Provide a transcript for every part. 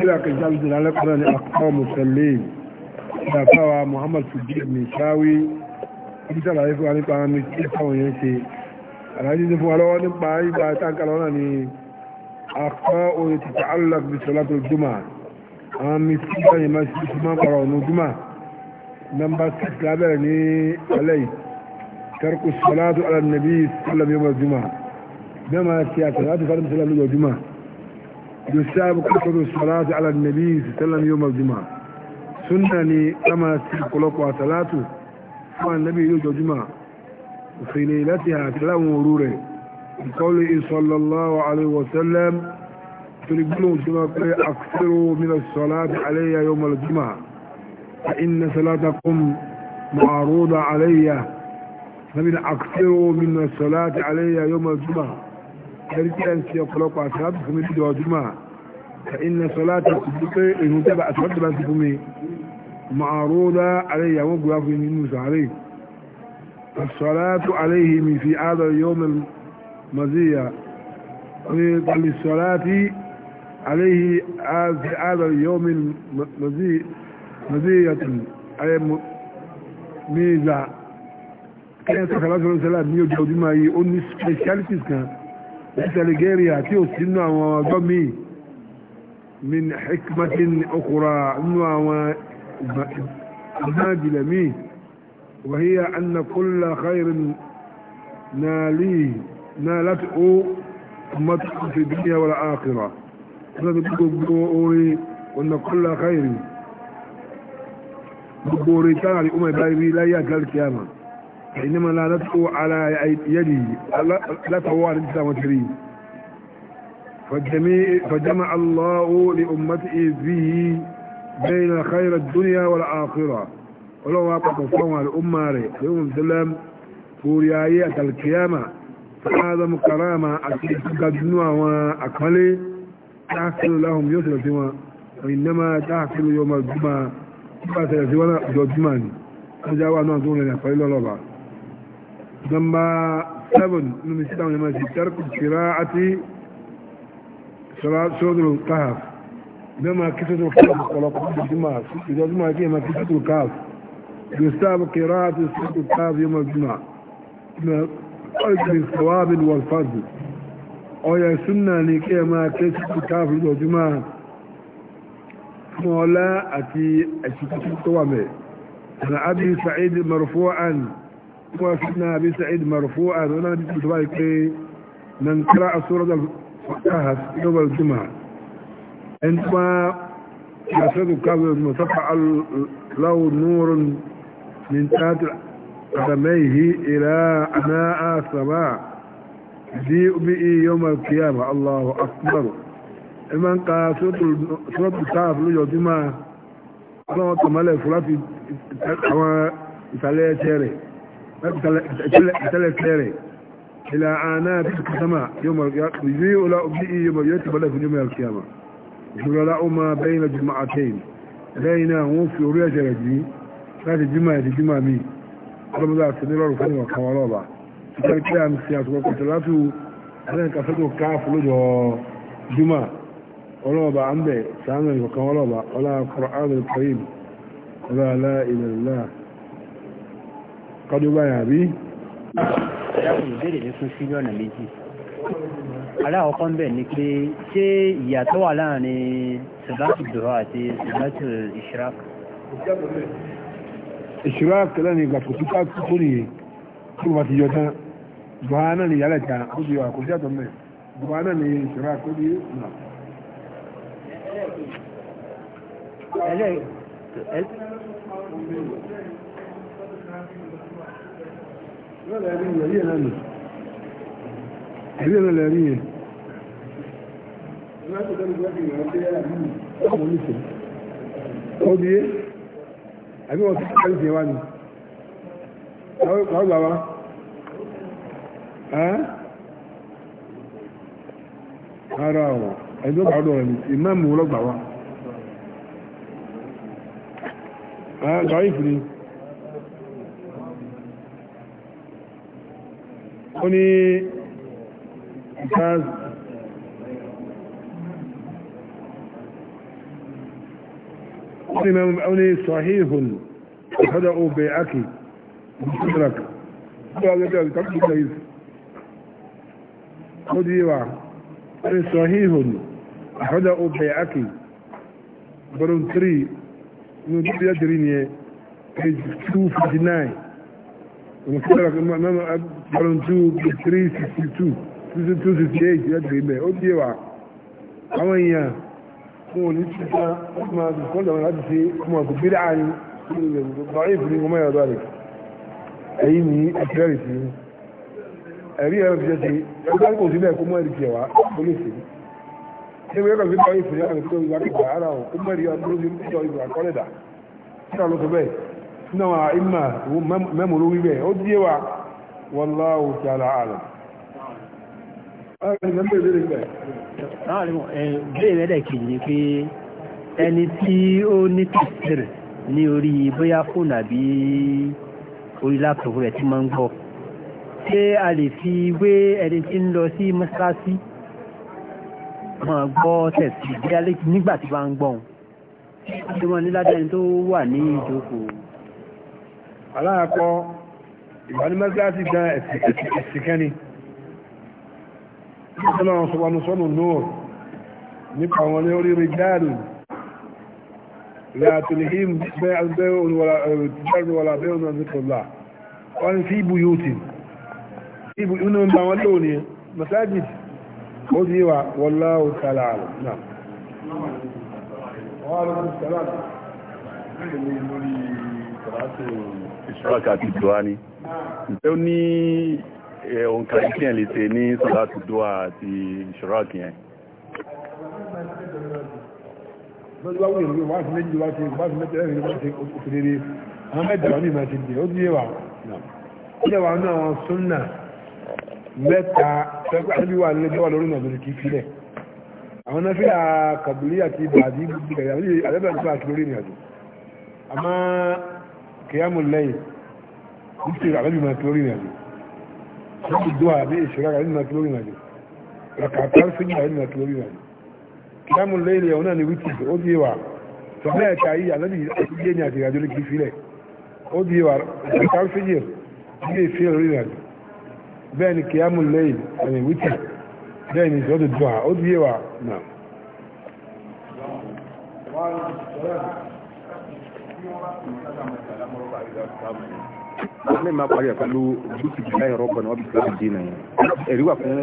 kira ka jami da lalakura ne a kawo musalle da kawa muhammad fujiyar mai shawi bisa da haifuwa nípa ní kí káwọn yẹn ṣe aláàjí ní fún alọ́wọ́ nípa ìgbà tánkàlọ́ náà ni a kọ́ oye ti ta allah bi salatu juma àwọn mi sí ìgbàyè máa ṣe fi máa pàrọ̀ ọ̀nà juma nọmba 6 lábẹ́rẹ̀ ní alẹ́ tarku salatu ala nabi sallam yawm juma bẹ́ẹ̀ máa ṣe àtàlátì fàdùmùsọ́lá lọ́jọ́ juma يساب كثر الصلاة على النبي صلى الله عليه وسلم يوم الجمعة سنني كما سيقلق وصلاته فان النبي يوم الجمعة في ليلتها كلام وروره بقوله صلى الله عليه وسلم تقولوا كما أكثروا من الصلاة علي يوم الجمعة فإن صلاتكم معروضة علي فمن أكثروا من الصلاة علي يوم الجمعة ẹ̀rí tí ẹ̀ ń ṣe ọ̀pọ̀lọpọ̀ àṣàlátù fún mi dídọ̀ ọdúnmà ẹ̀yìn sọlá ti kùdú pé ìhun tẹ́bà àṣàlátù bá ti fún mi màrúdá alẹ́ ìyàwó gbúra fún mi nínú sàárè àṣàlátù alẹ́ ìhì mi fi àádọ́ yóò mẹ́ maziya ní pàlì sọlátì fi àádọ́ yóò mẹ́ maziya tún ayé mi Nigeria tí ó sínú àwọn ọjọ́ míì min hikmatin okura nínú àwọn ìdájìlẹ̀ míì wàhíyà anna kulla khairin na láti ó mọ́tò fi dúnyà wal akhira wọ́n ti gbogbo orí ọ̀nà kulla khairin gbogbo orí tánàrí ọmọ ìbáyé láyé àgbàlùkì àmà إنما لا ندعو على يدي لا توال الإسلام والكريم فجمع الله لأمته فيه بين خير الدنيا والآخرة ولو أقف على الأمة يوم السلام فوريائية الكيامة فهذا مكرامة أسيسك الدنيا وأكملي تحصل لهم يسر سوى وإنما تحصل يوم الجمعة تحصل سوى جوجمان أجاوا أنه أنتون لنا فإلا الله number seven nínú sí àwọn ìmọ̀sí tẹ́rkù kìrá àti sọ́dọ̀rọ̀ káàf bẹ́ẹ̀ máa kí sọ́dọ̀rọ̀ káàf ọ̀pọ̀lọpọ̀ ìjọba ìjọba kí ẹ̀mà kí sọ́dọ̀rọ̀ káàf gustavo kìrá àti sọ́dọ̀rọ̀ káàf yóò máa jùmọ̀ na ọ̀gbìn sọ́wábìn wọ́n fàdù ọ̀yẹ̀ súnà ní kí ẹ̀mà kí sọ́dọ̀rọ̀ káàf lọ jùmọ̀ fún ọlá àti ẹ̀sìn tó wà mẹ́ na abi sa'id marfu'an كما فتنا أبي سعيد مرفوعا ولا نبي سبايك من قرأ سورة الكهف يوم الجمعة عندما يسد كذب تفعل له نور من تحت قدميه إلى أناء السماء جيء به يوم القيامة الله أكبر إمن قال سورة الكهف لجو جمعة أنا أتمنى فلافي àwọn ìsàlẹ̀ ẹ̀ṣẹ́ rẹ̀ ìtẹ́lẹ̀tẹ́ rẹ̀ ilà àná bí i kìtàmà yìí ọlá bí i yọmọ yóò ti bọ́lẹ̀ fún yọmọ alkiyama ìṣòrọ̀lá ó máa bẹ́yìn lọ́jọ́ máa tẹ́yìn lẹ́yìn náà wọ́n fi orí ẹ̀ṣẹ̀ rẹ̀ jí láti jímà ẹ̀dì jímà mi ọlọ́mọdé àti nílọ́rùn fún ìwọ̀n kan ọlọ́ọ̀bà ìtẹ́lẹ̀ pé àmì sí àtúkọ̀ kọ̀tẹ̀ láti ẹlẹ́ka fẹ́tò káàfù lọ́jọ́ jímà ọlọ́ọ̀bà àmbẹ̀ sàánà kọ́dọ̀ báyà àbí. ìdáhùn ìbéèrè ló tún sí ní ọ̀nà méjì aláwọ̀kọ́ ń bẹ̀ ni pé ṣé ìyàtọ̀ wà láàrin sọ̀láṣì dùhọ́ àti sọ̀láṣì ìṣirak. ìṣirak lẹ́nu ìgbà kò síta tó nìyẹn tí wọ́n ti yọ tán dùhọ́ náà ni ìyálẹ̀ ta ó ti yọ àkójá tó mẹ́ dùhọ́ náà ni ishraq, ó ti yọ náà ẹlẹ́ ẹ̀rí ẹ̀rọ lẹ́rí yẹn ọmọ oníṣẹ́ ó di é àbí wọ́n ti kọ́ ìṣẹ́ wá ní ọgbà wá ara ọ̀ ẹ̀dọ́ gbàdọ̀ rẹ̀ ní ìmáàmù ọlọ́gbà wá ó ní ìfáàz ó ní sahihun ọ̀sọ́dọ̀ obè ákì mustadrak ó di wà ó ní sahihun ọ̀sọ́dọ̀ obè ákì volume 3 ní ọdún yàjẹ̀rí ni ẹ page 259 mustadrak bọ́lùn 2,362 2,268 lẹ́tọ̀ ibẹ̀ ó bí wà àwọn èèyàn fún òní títà ó máa dùn kọ́ńdà wọn láti ṣe ọmọ ọ̀gbìn bí láàrin bọ́ọ̀lù ìfúnni ọmọ ẹ̀rọ rẹ̀ ẹ̀yìn ní ẹ̀kẹ́rì sí ẹ̀rí ẹ̀rọ fi jẹ́ ẹ̀rọ kò sí bẹ́ẹ̀ kó mọ́ ẹ̀rí tiẹ̀ wá ó lè ṣe ṣé wíwẹ́kọ̀ sí bọ́ọ̀lù ìfúnni ọmọ ẹ̀rọ ìwà kẹta ara ọ̀ والله تعالى عالم. ẹni tí ó ní tẹ̀sírì ní orí bóyá fóònù àbí orí láptọ̀pù rẹ̀ tí máa ń gbọ́ ṣé a lè fi wé ẹni tí ń lọ sí mọ́sálásí máa gbọ́ tẹ̀sírì bí alẹ́ nígbà tí bá ń gbọ́n tí wọ́n ní ládẹ́ni tó wà ní ìjókòó ìbáni mẹ́sàásì dá ẹ̀sìnkẹ́ni ìṣẹ́lẹ̀ àwọn sọ̀wọ́nù sọ́nù náà nípa wọn ní orí rìjáàlù látùlìhìm bẹ́ẹ̀rùwọ̀lá bẹ́ẹ̀rùn àzíkọ̀lá wọ́n fi ibu yóò tì ibu inú bá wọn lò ní masajid ó ti wà wallahu ìṣúràkà àti ìdùá ni ǹjẹ́ ó ní òǹkà ìkí ẹ̀ lè ṣe ní sọ́lá àti ìdùá àti ìṣúràkì yẹn lọ́jọ́ wáwé ìròyìn wá sí méjì wá sí wá sí mẹ́tẹ̀ẹ́ ìròyìn wá sí òkèrè àwọn mẹ́tẹ̀ẹ́ wọn ní ìmọ̀ ìṣẹ̀lẹ̀ ó díye wà ó jẹ́ wà náà wọn súnnà mẹ́ta pẹ́pẹ́ àti wà nílé jọ́wà lórí nàìjíríà kìí filẹ̀ àwọn náà fílà kàbílì àti bàbí gbogbo ẹ̀yà àti àti lórí ìrìnàjò kìyàmù lẹ́yìn ní ti àlẹ́bí máa ti na ìrìnàjò lọ́pù dùn àbí ìṣòro àlẹ́bí máa ti lórí ìrìnàjò ràkàtà sígbà àlẹ́bí máa ti lórí ìrìnàjò kìyàmù lẹ́yìn lẹ́yìn náà ni wítì ó di wà tọ́lá ẹ̀ka yìí àlẹ́bí ìgbé ní àti ìrìnàjò lè kì í filẹ̀ ó di wà ràkàtà sígbà ilé Thank you. ní máa parí ẹ̀pẹ̀lú bíkì jù láì rọ́bọ̀ náà bíkì láti dínà yẹn ẹ̀rí wà fún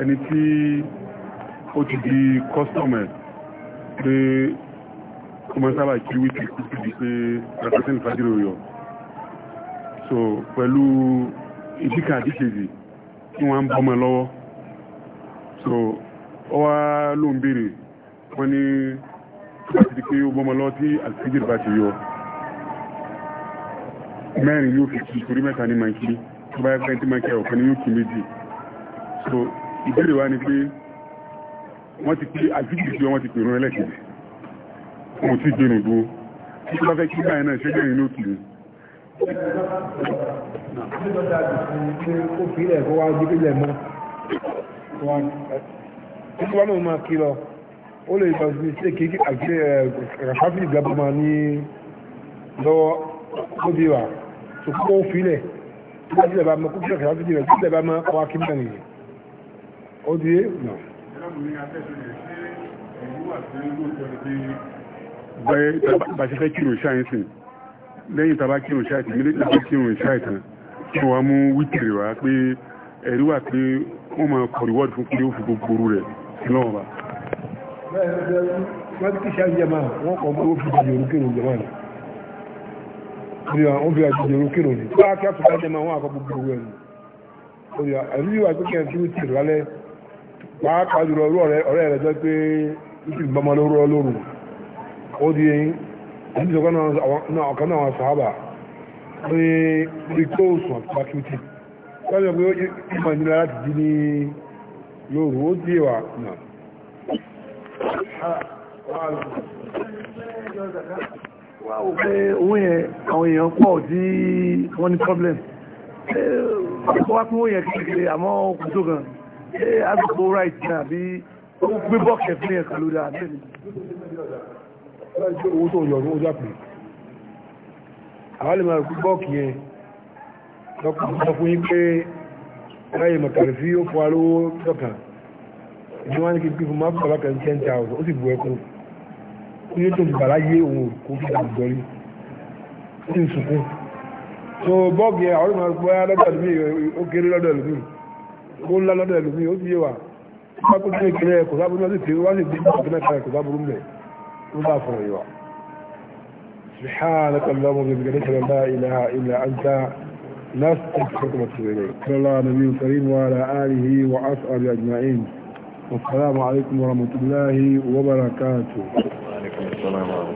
ẹni tí ó ti di kọ́sítọ̀mù pé ọmọ sábà kí wíkì kí ti di pé rẹpẹtẹ́ni fàájì rò yọ so pẹ̀lú ìdíkà àdíkèjì tí wọ́n ń bọ́mọ lọ́wọ́ so ó wá ló ń béèrè wọ́n ní láti di pé ó bọ́mọ lọ́wọ́ tí àlùfíjì bá ti yọ mẹ́rin yóò fi kí torí mẹ́ta ní máa kí tó bá yẹ pé tí máa kí ọ̀kan ní yóò kí méjì so ìbéèrè wa ni pé wọ́n ti pé àlùfíjì tí wọ́n ti pè rún ẹlẹ́kẹ̀ẹ́ wọn ò tí gbénu dúró tí wọ́n fẹ́ kí báyìí náà ṣẹ́gbẹ̀rin ló kì nígbàtà àdìsí pé ó fi ilẹ̀ kó wá jíkí lẹ̀ mọ́ títí wọn náà máa kí lọ ó lè lọ sí ṣé kí àgbé ràfáfì ìgbàgbọ́ máa ní lọ́wọ́ ó di wà tó kó fi ilẹ̀ tó bá sílẹ̀ bá mọ́ kó kílẹ̀ ràfáfì rẹ̀ sílẹ̀ bá máa kọ́ akí mẹ́rin yìí ó di é nà. báyìí bá ṣe fẹ́ kírun ṣáà ń sìn lẹ́yìn tàbá kírun ṣáà kí wọ́n mú wítìrì wá pé ẹ̀rí wà pé wọ́n máa kọ̀ fún pé ó fi gbogbo kí rẹ̀ wọ́n fi jẹ̀jẹ̀ orúkèrò rẹ̀ tó akẹ́ àfẹ́ àjẹmà wọ́n àkọ́ gbogbo rẹ̀ ni àbí wà pé kẹ́hìn tí wítìrì rẹ̀ orí tó sùn àti pàtútì lọ́dọ̀ pé ìmọ̀ ìnira láti di ní lóòrùn ó dí wà náà wáwọ̀ pé owó yẹn àwọn èèyàn pọ̀ tí wọ́n ní problem wá pín owó yẹn kékeré àmọ́ kò tó gan agbègbè right náà bí ó gbé bọ́ọ̀kẹ̀ fún yẹn kàlódà bẹ́ẹ̀ ni owó tó yọ̀rún ó jápè àwọn ìmọ̀ ìpín bọ́ọ̀kì yẹn lọ́kùnrin fún yín pé ráyè mọ̀kàrí sí ó fún arówó tọ́kàn ìdí wọ́n ní kí pífún máa fún ọlọ́kàn ten thousand ó sì bu ẹkún ní ó tó ń bàrá yé òun kó fi dà gbọ́rí ó sì ń sunkún so bọ́ọ̀kì yẹn àwọn ìmọ̀ ìpín lọ́dọ̀ ẹlòmíì ó kéré lọ́dọ̀ ẹlòmíì ó ńlá lọ́dọ̀ ẹlòmíì ó ti yé wa ó bá kó tún ìkẹlẹ̀ kò sábúrú náà sì tẹ́ wá sì dé سبحانك اللهم وبحمدك نشهد ان لا اله الا انت نستغفرك ونتوب اليك صلى الله على النبي الكريم وعلى اله واصحابه اجمعين والسلام عليكم ورحمه الله وبركاته وعليكم السلام ورحمه الله